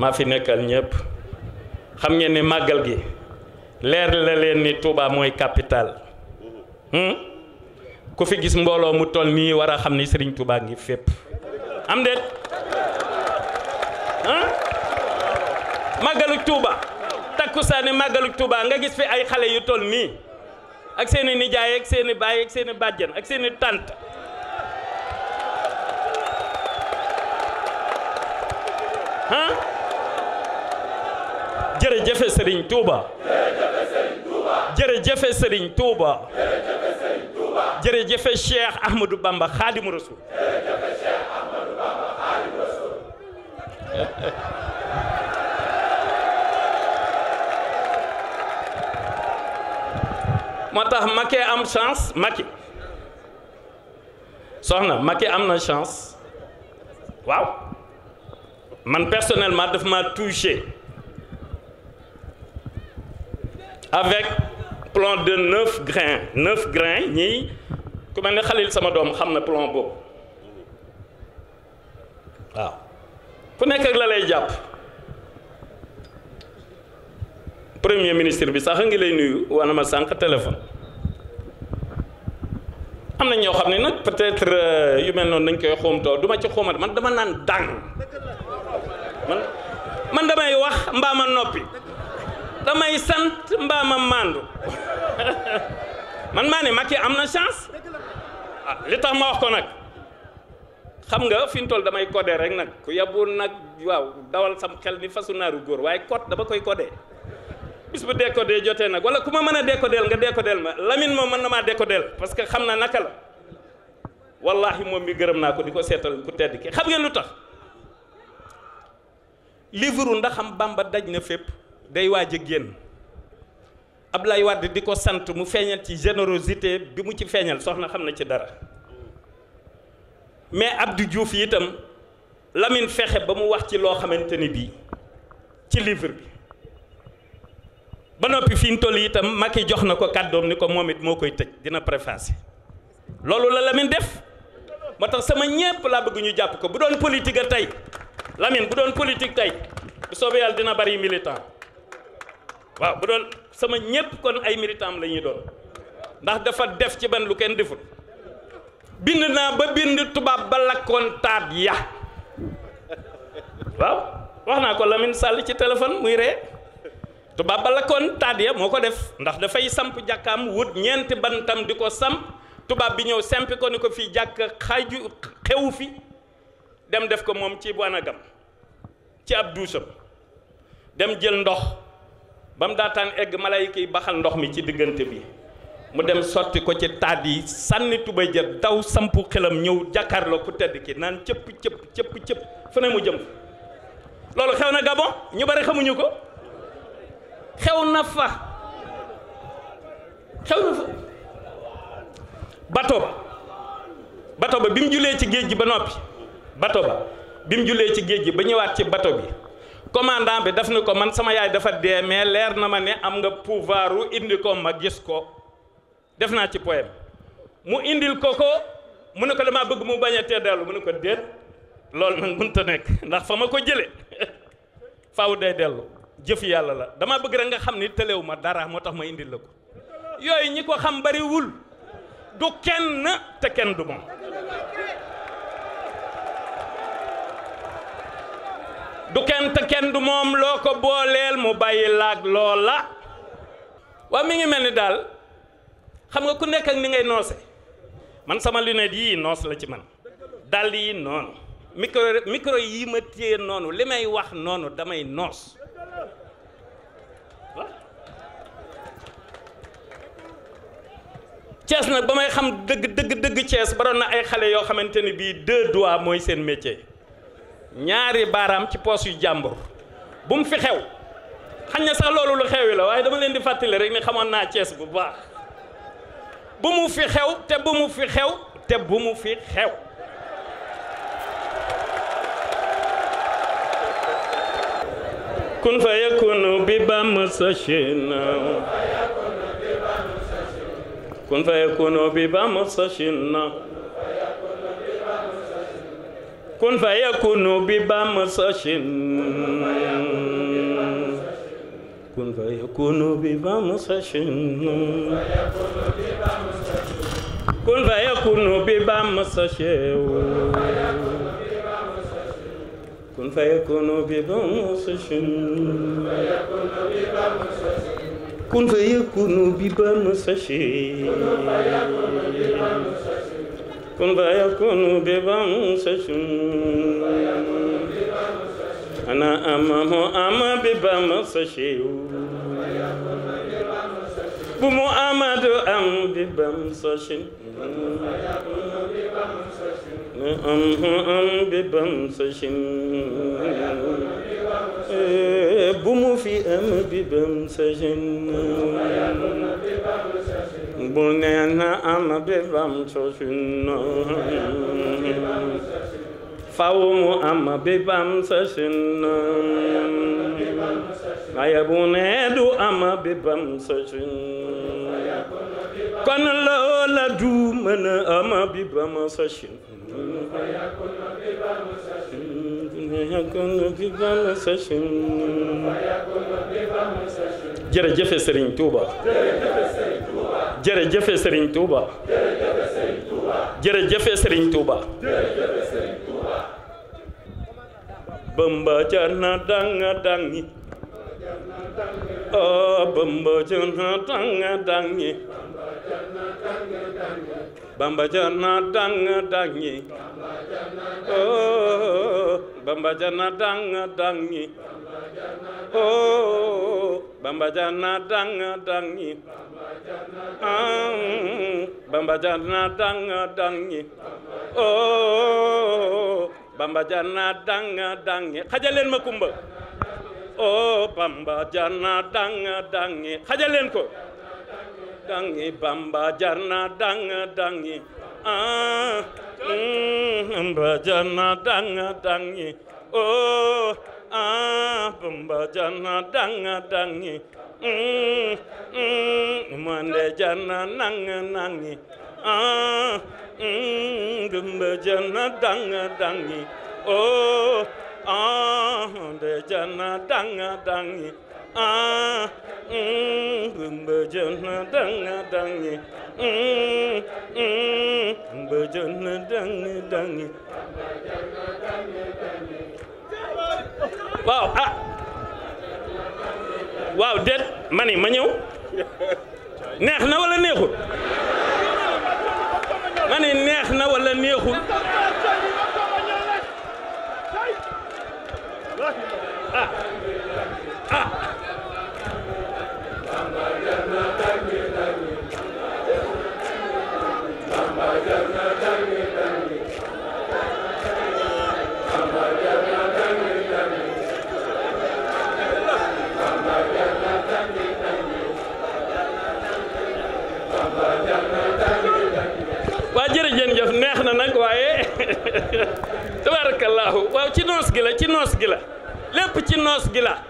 maa fi nekkal ñépp xam ngeen ni màggal gi leer la leen ni Touba mooy capital hmm? ku fi gis mbooloo mu toll mii war a xam ni Serigne Touba ngi fépp am hmm? tuuba màggalu Touba takkusaani màggalu Touba nga gis fi ay xale yu toll nii ak seeni nijaay ak seeni baay ak seeni bàjjen ak seeni tànt hmm? jërëjëfe Serigne Touba. jërëjëfe Serigne Touba. jërëjëfe Cheikh Ahmadou Bamba Khadimu Rasul. moo tax Macky am chance Macky soxna Macky am na chance waaw man personnellement daf ma touché. avec plomb de neuf grains neuf grains ñii ku mel ne xalil sama doom xam na plomb boobu waaw ku nekk ak la lay jàpp premier ministre bi sax a ngi lay nuyu wana ma sànq téléphone am na ñoo xam ne nag peut-être euh, yu mel noonu dañ koy xoomtoo du ma ci xoomat man dama naan dàng man man damay wax mbaa ma noppi damay sant mbaa ma màndu man maa ne Macky am na chance ah li tax ma wax ko nag xam nga fi mu toll damay codé rek nag ku yabu nag waaw dawal sam xel ni fasu naaru góor waaye code dama koy codé bis bu décodé jotee nag wala ku ma mën a décodéel nga décodéel ma Lamine moom mën na maa décodéel parce que xam na naka la wallahi moom mi gërëm naa ko di ko seetal ku tedd ki xam ngeen lu tax livre ndaxam Bamba daj na fépp. day waaj a génn ab Ablaye Wade di ko sant mu feeñal ci générosité bi mu ci feeñal soxna xam na ci dara mais Abdou Diouf itam Lamine fexe ba mu wax ci loo xamante ni bii ci livre bi ba noppi fi mu toll itam Macky jox na ko kàddoom ni ko moom it moo koy tëj dina préfacé loolu la Lamine def moo tax sama ñépp laa bëgg ñu jàpp ko bu doon politique a tey Lamine bu doon politique tey bu soobee dina bari militant waaw bu doon sama ñépp kon ay méritam lañuy doon ndax dafa def ci ban lu kenn deful bind naa ba bind tubaab ba lakkoon taat ya waaw wax naa ko Lamine Sall ci téléphone muy ree tubaab ba lakkoon taat ya moo ko def ndax dafay samp jàkkaam wut ñeenti bantam di ko samp tubaab bi ñëw sempi ko ni ko fii jàkk xaju xew fi dem def ko moom ci wanagam ci ab duusam dem jël ndox ba mu daataan egg malaay kiy baxal ndox mi ci diggante bi mu dem sotti ko ci taat yi sànni tubay ja taw sampu xelam ñëw jàkkaarloo ku tedd ki naan cëpp cëpp cëpp cëpp fu ne mu jëm loolu xew na Gabon ñu bari xamuñu ko xew na fa xew na fa bato ba bi mu julee ci géej gi ba noppi bato ba bi mu julee ci géej gi ba ñëwaat ci bato bi commandant bi daf ni ko man sama yaay dafa dee mais leer na ma ne am nga pouvoir indi ko ma gis ko def naa ci poème mu indil ko ko mu ne ko damaa bëgg mu bañ a teddalu mu ne ko déet loolu na mënut a nekk ndax fa ma ko jële faaw day dellu jëf yàlla la dama bëgg rek nga xam ni tëlewu ma dara moo tax ma indil la ko yooyu ñi ko xam bariwul du kenn te kenn du moom du kenn kenn du moom loo ko booleel mu bàyyi laag la waa mi ngi mel ni daal xam nga ku nekk ak ni ngay noose man sama lunette yii noos la ci man dàll yi noonu micro micro yii ma téye noonu li may wax noonu damay noos Cees nag ba may xam dëgg dëgg dëgg Cees baroon na ay xale yoo xamante ni bii deux doigts mooy seen métier. ñaari baaraam ci poos yu jàmbur bu mu fi xew xañ na sax loolu lu xewi la waaye dama leen di fàttali rek ni xamoon naa Cees bu baax bu mu fi xew te bu mu fi xew te bu mu fi xew kun fa yakunu bi bam sashin kun fa yakunu bi bam sashin kun fayakunu bi bamsashin kun fayakunu bi bamsashin kun kun fayakunu bi bamsashin kun كن فيكون ببمسة أنا أمامه أما ببمسة بمحمد أم ببمسة أم أم ببمسة بمو في أم ببمسة bu neen am bébam sosunna faw mu am bébam sosunna waaye bu nee du am bébam sosunna kon loola du mën a am bébam sosunna jërëjëf Serigne Touba jërëjëfe Serigne Touba jërëjëfe Serigne Touba jërëjëfe Serigne Touba jërëjëfe Serigne Touba Bamba jarna danga dangi oh Bamba jarna danga dangi Bamba jarna danga dangi oh Bamba jarna danga dangi oh Bamba jar na dang dangi Bamba jar na dang dangi oh Bamba jar na dang dangi xajaleen ma kumba oh Bamba jar na dang dangi xajaleen ko dangi Bamba jar na dang dangi ah mm. Bamba jar na dang dangi oh Bamba janna danga dangi Mande mm, mm, janna nanga nangi Bamba ah, mm, janna danga dangi Oh ah, Mande janna danga dangi Bamba ah, janna danga dangi Bamba janna danga dangi Bamba janna danga dangi waaw ah waaw déet ma ni ma ñëw neex na walla neexul mane neex na wala neexul tabaarakallaahu waaw ci noos gi la ci noos gi la lépp ci noos gi la